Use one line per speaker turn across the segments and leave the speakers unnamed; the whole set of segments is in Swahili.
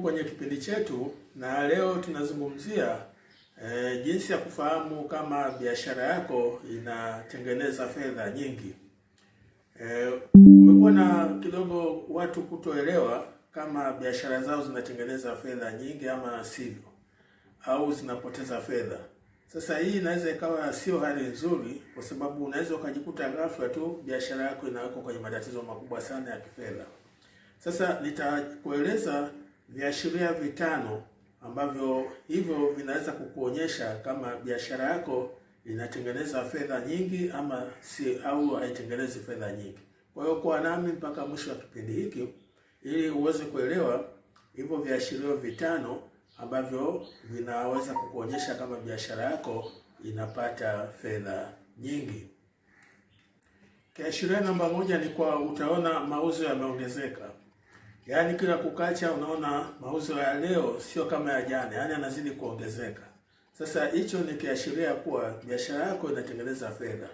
kwenye kipindi chetu, na leo tunazungumzia e, jinsi ya kufahamu kama biashara yako inatengeneza fedha nyingi. E, na kidogo watu kutoelewa kama biashara zao zinatengeneza fedha nyingi ama sivyo, au zinapoteza fedha. Sasa hii inaweza ikawa sio hali nzuri, kwa sababu unaweza ukajikuta ghafla tu biashara yako inawekwa kwenye matatizo makubwa sana ya kifedha. Sasa nitakueleza viashiria vitano ambavyo hivyo vinaweza kukuonyesha kama biashara yako inatengeneza fedha nyingi ama si au haitengenezi fedha nyingi. Kwa hiyo kuwa nami mpaka mwisho wa kipindi hiki ili uweze kuelewa hivyo viashirio vitano ambavyo vinaweza kukuonyesha kama biashara yako inapata fedha nyingi. Kiashiria namba moja ni kwa utaona mauzo yameongezeka. Yaani kila kukacha unaona mauzo ya leo sio kama ya jana, yaani anazidi kuongezeka. Sasa hicho ni kiashiria kuwa biashara yako inatengeneza fedha,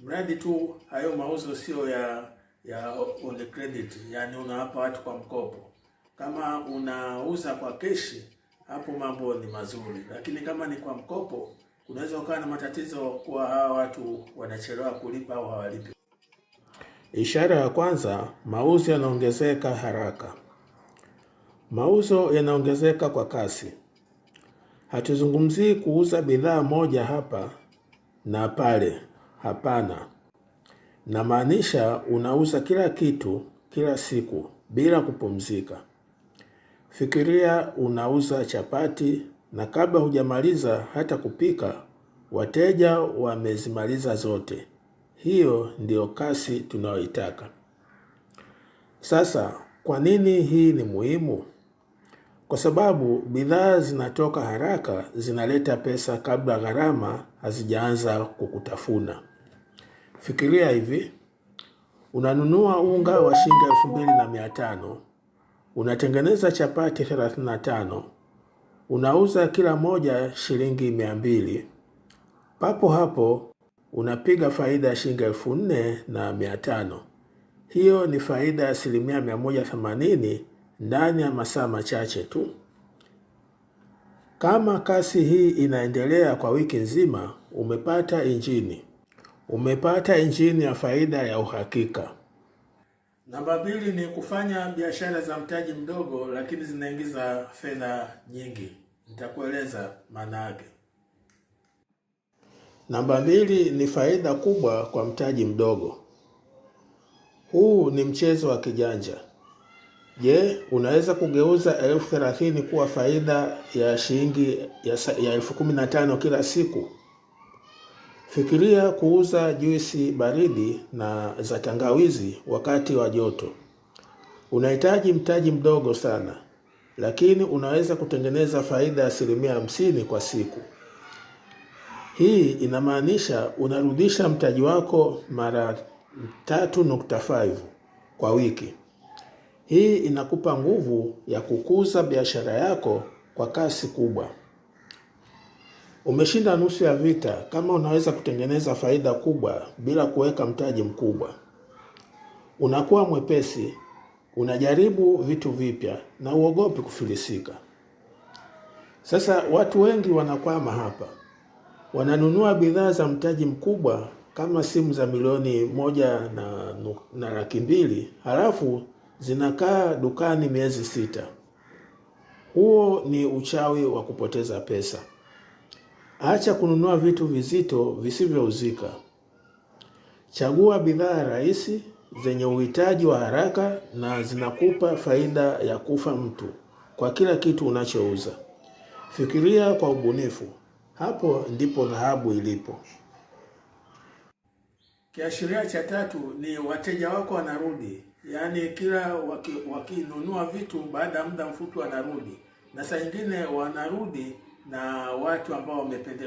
mradi tu hayo mauzo sio ya ya on credit, yaani unawapa watu kwa mkopo. Kama unauza kwa keshi, hapo mambo ni mazuri, lakini kama ni kwa mkopo, unaweza ukawa na matatizo kuwa hawa watu wanachelewa kulipa au hawalipi.
Ishara ya kwanza, mauzo yanaongezeka haraka. Mauzo yanaongezeka kwa kasi. Hatuzungumzii kuuza bidhaa moja hapa na pale, hapana. Namaanisha unauza kila kitu kila siku bila kupumzika. Fikiria unauza chapati na kabla hujamaliza hata kupika, wateja wamezimaliza zote. Hiyo ndiyo kasi tunayoitaka. Sasa, kwa nini hii ni muhimu? kwa sababu bidhaa zinatoka haraka, zinaleta pesa kabla gharama hazijaanza kukutafuna. Fikiria hivi, unanunua unga wa shilingi elfu mbili na mia tano unatengeneza chapati 35 unauza kila moja shilingi mia mbili Papo hapo unapiga faida ya shilingi elfu nne na mia tano Hiyo ni faida ya asilimia mia moja themanini ndani ya masaa machache tu. Kama kasi hii inaendelea kwa wiki nzima, umepata injini, umepata injini ya faida ya uhakika.
Namba mbili ni kufanya biashara za mtaji mdogo, lakini zinaingiza fedha nyingi. Nitakueleza maana yake.
Namba mbili ni faida kubwa kwa mtaji mdogo. Huu ni mchezo wa kijanja. Je, unaweza kugeuza elfu thelathini kuwa faida ya shilingi ya elfu kumi na tano kila siku? Fikiria kuuza juisi baridi na za tangawizi wakati wa joto. Unahitaji mtaji mdogo sana, lakini unaweza kutengeneza faida ya asilimia hamsini kwa siku. Hii inamaanisha unarudisha mtaji wako mara 3.5 kwa wiki. Hii inakupa nguvu ya kukuza biashara yako kwa kasi kubwa. Umeshinda nusu ya vita kama unaweza kutengeneza faida kubwa bila kuweka mtaji mkubwa. Unakuwa mwepesi, unajaribu vitu vipya na uogopi kufilisika. Sasa watu wengi wanakwama hapa. Wananunua bidhaa za mtaji mkubwa kama simu za milioni moja na, na laki mbili halafu zinakaa dukani miezi sita. Huo ni uchawi wa kupoteza pesa. Acha kununua vitu vizito visivyouzika. Chagua bidhaa rahisi zenye uhitaji wa haraka na zinakupa faida ya kufa mtu kwa kila kitu unachouza. Fikiria kwa ubunifu. Hapo ndipo dhahabu ilipo.
Kiashiria cha tatu ni wateja wako wanarudi yaani kila wakinunua waki vitu baada ya muda mfupi wanarudi, na saa nyingine wanarudi na watu ambao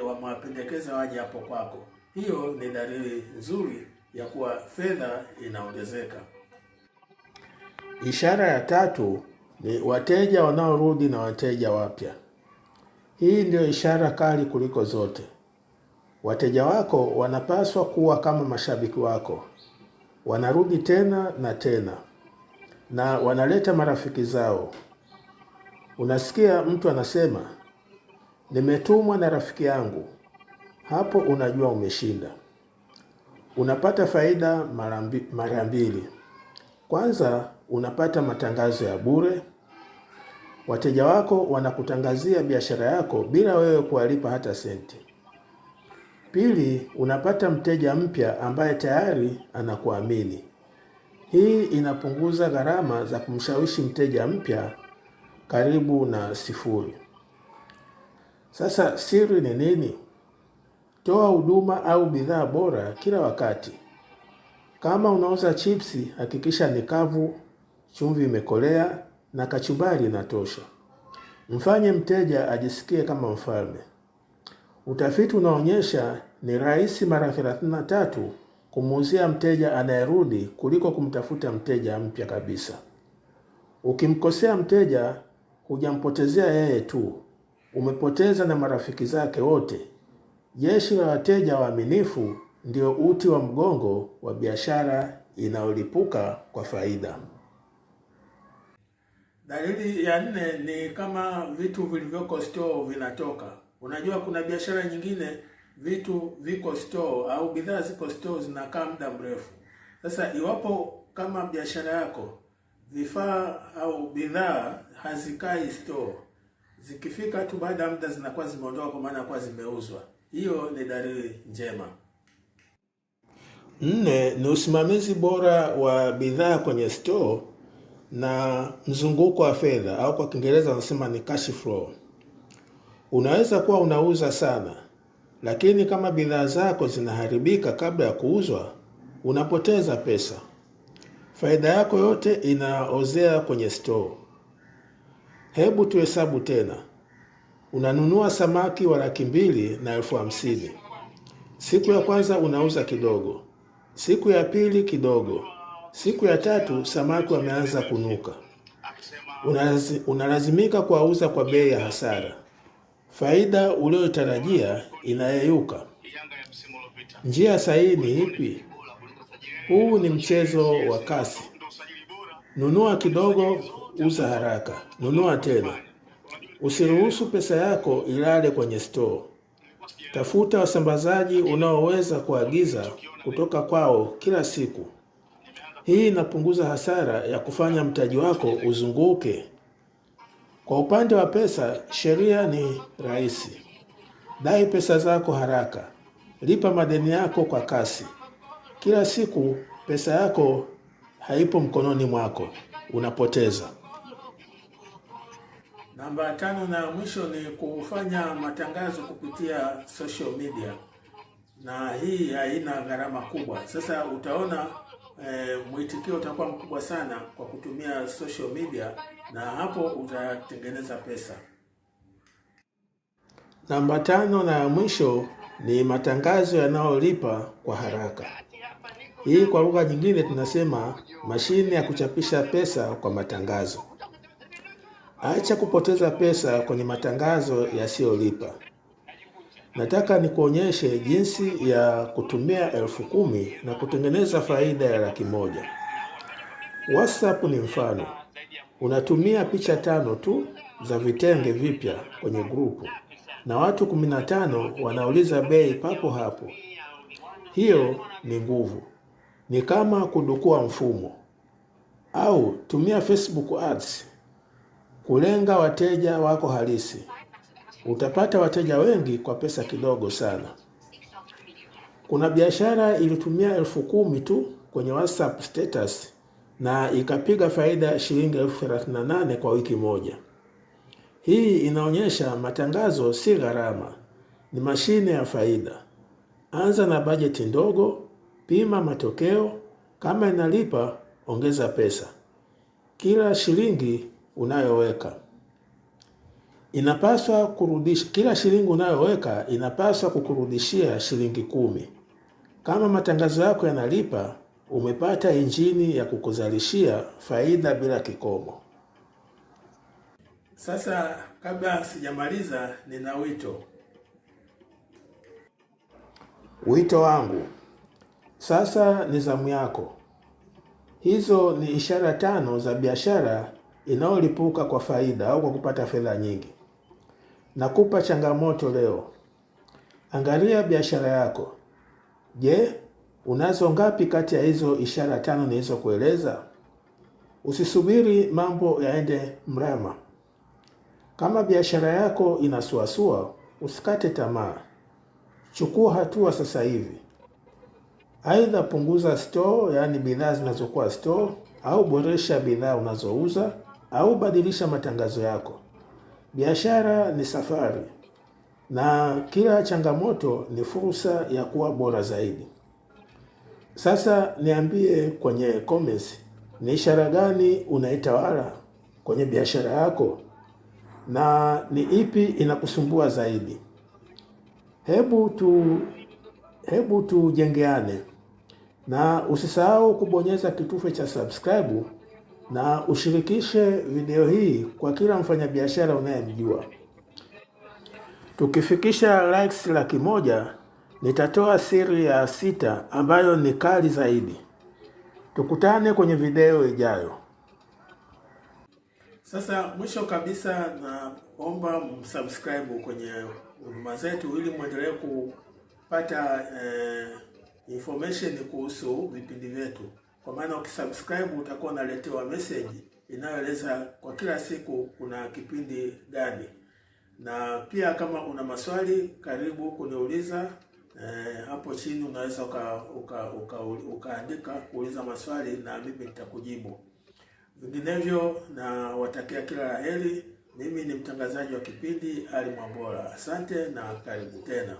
wamewapendekeza waje hapo kwako. Hiyo ni dalili nzuri ya kuwa fedha inaongezeka.
Ishara ya tatu ni wateja wanaorudi na wateja wapya. Hii ndiyo ishara kali kuliko zote. Wateja wako wanapaswa kuwa kama mashabiki wako, wanarudi tena na tena na wanaleta marafiki zao. Unasikia mtu anasema nimetumwa na rafiki yangu, hapo unajua umeshinda. Unapata faida mara mbili. Kwanza, unapata matangazo ya bure. Wateja wako wanakutangazia biashara yako bila wewe kuwalipa hata senti. Pili, unapata mteja mpya ambaye tayari anakuamini. Hii inapunguza gharama za kumshawishi mteja mpya karibu na sifuri. Sasa siri ni nini? Toa huduma au bidhaa bora kila wakati. Kama unauza chipsi, hakikisha ni kavu, chumvi imekolea na kachumbari inatosha. Mfanye mteja ajisikie kama mfalme. Utafiti unaonyesha ni rahisi mara 33 kumuuzia mteja anayerudi kuliko kumtafuta mteja mpya kabisa. Ukimkosea mteja, hujampotezea yeye tu, umepoteza na marafiki zake wote. Jeshi la wateja waaminifu ndio uti wa mgongo wa biashara inayolipuka kwa faida.
Dalili ya nne ni kama vitu vilivyoko store vinatoka. Unajua kuna biashara nyingine vitu viko store au bidhaa ziko store zinakaa muda mrefu. Sasa iwapo kama biashara yako vifaa au bidhaa hazikai store, zikifika tu baada ya muda zinakuwa zimeondoka, kwa maana kwa zimeuzwa, hiyo ni dalili njema.
Nne ni usimamizi bora wa bidhaa kwenye store na mzunguko wa fedha au kwa Kiingereza wanasema ni cash flow. Unaweza kuwa unauza sana, lakini kama bidhaa zako zinaharibika kabla ya kuuzwa, unapoteza pesa. Faida yako yote inaozea kwenye store. Hebu tuhesabu tena. Unanunua samaki wa laki mbili na elfu hamsini. Siku ya kwanza unauza kidogo, siku ya pili kidogo, siku ya tatu samaki wameanza kunuka. Unalazimika kuwauza kwa bei ya hasara faida uliyotarajia inayeyuka. Njia sahihi ni ipi? Huu ni mchezo wa kasi. Nunua kidogo, uza haraka, nunua tena. Usiruhusu pesa yako ilale kwenye store. Tafuta wasambazaji unaoweza kuagiza kutoka kwao kila siku. Hii inapunguza hasara ya kufanya mtaji wako uzunguke kwa upande wa pesa, sheria ni rahisi. Dai pesa zako haraka, lipa madeni yako kwa kasi. Kila siku pesa yako haipo mkononi mwako, unapoteza.
Namba tano na mwisho ni kufanya matangazo kupitia social media, na hii haina gharama kubwa. Sasa utaona e, mwitikio utakuwa mkubwa sana kwa kutumia social media na hapo utatengeneza pesa.
Namba tano na ya mwisho ni matangazo yanayolipa kwa haraka. Hii kwa lugha nyingine tunasema mashine ya kuchapisha pesa kwa matangazo. Acha kupoteza pesa kwenye matangazo yasiyolipa. Nataka nikuonyeshe jinsi ya kutumia elfu kumi na kutengeneza faida ya laki moja. WhatsApp ni mfano. Unatumia picha tano tu za vitenge vipya kwenye grupu na watu 15 wanauliza bei papo hapo. Hiyo ni nguvu, ni kama kudukua mfumo. Au tumia Facebook ads kulenga wateja wako halisi. Utapata wateja wengi kwa pesa kidogo sana. Kuna biashara ilitumia elfu kumi tu kwenye WhatsApp status na ikapiga faida shilingi elfu thelathini na nane kwa wiki moja. Hii inaonyesha matangazo si gharama, ni mashine ya faida. Anza na bajeti ndogo, pima matokeo, kama inalipa ongeza pesa. Kila shilingi unayoweka inapaswa kurudisha, kila shilingi unayoweka inapaswa kukurudishia shilingi kumi. Kama matangazo yako yanalipa umepata injini ya kukuzalishia faida bila kikomo.
Sasa, kabla sijamaliza, nina wito.
Wito wangu sasa ni zamu yako. Hizo ni ishara tano za biashara inayolipuka kwa faida au kwa kupata fedha nyingi. Nakupa changamoto leo. Angalia biashara yako. Je, Unazo ngapi kati ya hizo ishara tano nilizokueleza? Usisubiri mambo yaende mrama. Kama biashara yako inasuasua, usikate tamaa. Chukua hatua sasa hivi. Aidha punguza store, yaani bidhaa zinazokuwa store, au boresha bidhaa unazouza au badilisha matangazo yako. Biashara ni safari na kila changamoto ni fursa ya kuwa bora zaidi. Sasa niambie kwenye comments ni ishara gani unaitawala kwenye biashara yako na ni ipi inakusumbua zaidi? Hebu tu hebu tujengeane, na usisahau kubonyeza kitufe cha subscribe na ushirikishe video hii kwa kila mfanyabiashara unayemjua. Tukifikisha likes laki moja Nitatoa siri ya sita ambayo ni kali zaidi. Tukutane kwenye video ijayo.
Sasa mwisho kabisa, naomba msubscribe kwenye huduma zetu ili mwendelee kupata eh, information kuhusu vipindi vyetu, kwa maana ukisubscribe utakuwa unaletewa message inayoeleza kwa kila siku kuna kipindi gani, na pia kama una maswali karibu kuniuliza eh, hapo chini unaweza uka, uka, uka, ukaandika kuuliza maswali na mimi nitakujibu. Vinginevyo na watakia kila la heri. Mimi ni mtangazaji wa kipindi Ali Mwambola, asante na karibu tena.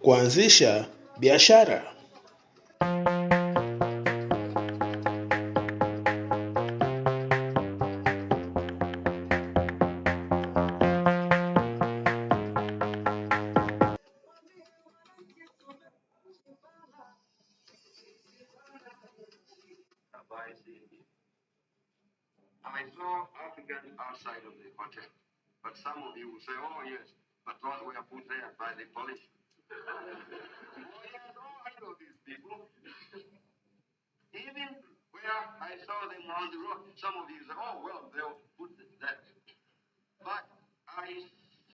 Kuanzisha biashara
biasing. I saw Africans outside of the hotel, but some of you will say, oh, yes, but those were put there by the police. oh, yes, oh, I know these people. Even where I saw them on the road, some of you say, oh, well, they'll put that. But I